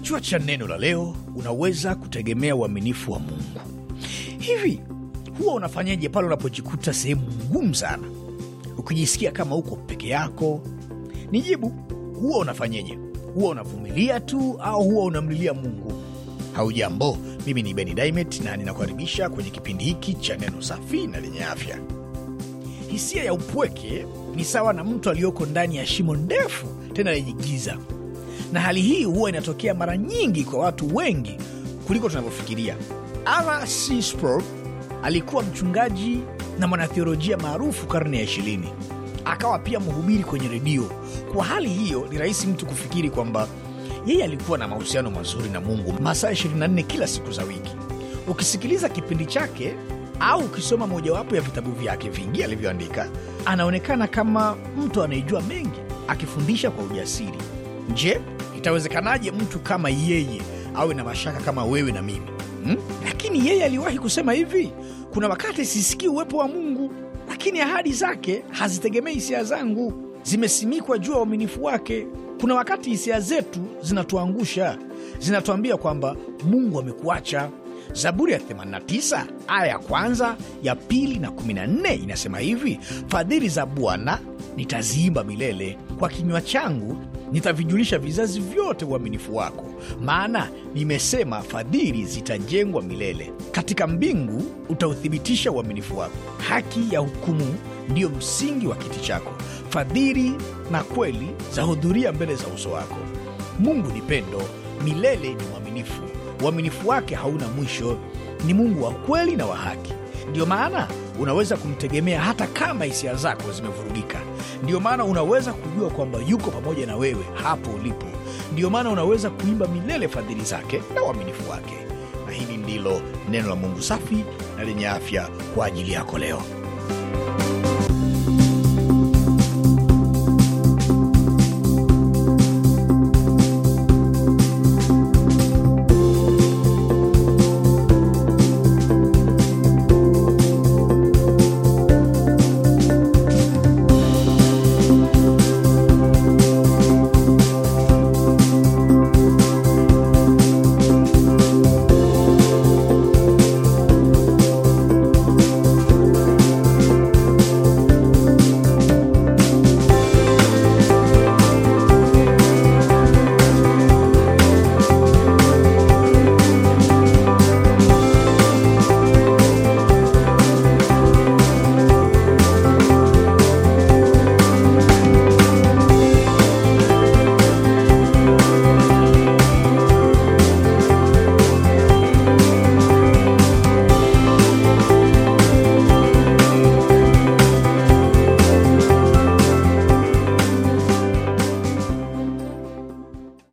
Kichwa cha neno la leo: unaweza kutegemea uaminifu wa Mungu. Hivi huwa unafanyaje pale unapojikuta sehemu ngumu sana, ukijisikia kama uko peke yako? Nijibu, huwa unafanyeje? Huwa unavumilia tu au huwa unamlilia Mungu? Haujambo, mimi ni Beni Dimet na ninakukaribisha kwenye kipindi hiki cha neno safi na lenye afya. Hisia ya upweke ni sawa na mtu aliyoko ndani ya shimo ndefu tena lenye giza na hali hii huwa inatokea mara nyingi kwa watu wengi kuliko tunavyofikiria. R.C. Sproul alikuwa mchungaji na mwanatheolojia maarufu karne ya ishirini, akawa pia mhubiri kwenye redio. Kwa hali hiyo, ni rahisi mtu kufikiri kwamba yeye alikuwa na mahusiano mazuri na Mungu masaa 24 kila siku za wiki. Ukisikiliza kipindi chake au ukisoma mojawapo ya vitabu vyake vingi alivyoandika, anaonekana kama mtu anayejua mengi, akifundisha kwa ujasiri. Je, Itawezekanaje mtu kama yeye awe na mashaka kama wewe na mimi hmm? Lakini yeye aliwahi kusema hivi, kuna wakati sisikii uwepo wa Mungu, lakini ahadi zake hazitegemei hisia zangu, zimesimikwa juu ya uaminifu wake. Kuna wakati hisia zetu zinatuangusha, zinatuambia kwamba Mungu amekuacha. Zaburi ya 89 aya ya kwanza, ya pili na 14 inasema hivi: fadhili za Bwana nitaziimba milele, kwa kinywa changu nitavijulisha vizazi vyote uaminifu wako, maana nimesema fadhili zitajengwa milele. Katika mbingu utauthibitisha uaminifu wako. Haki ya hukumu ndiyo msingi wa kiti chako, fadhili na kweli za hudhuria mbele za uso wako. Mungu ni pendo, milele ni mwaminifu, uaminifu wake hauna mwisho. Ni Mungu wa kweli na wa haki, ndiyo maana unaweza kumtegemea hata kama hisia zako zimevurugika. Ndiyo maana unaweza kujua kwamba yuko pamoja na wewe hapo ulipo. Ndiyo maana unaweza kuimba milele fadhili zake na uaminifu wake. Na hili ndilo neno la Mungu safi na lenye afya kwa ajili yako leo.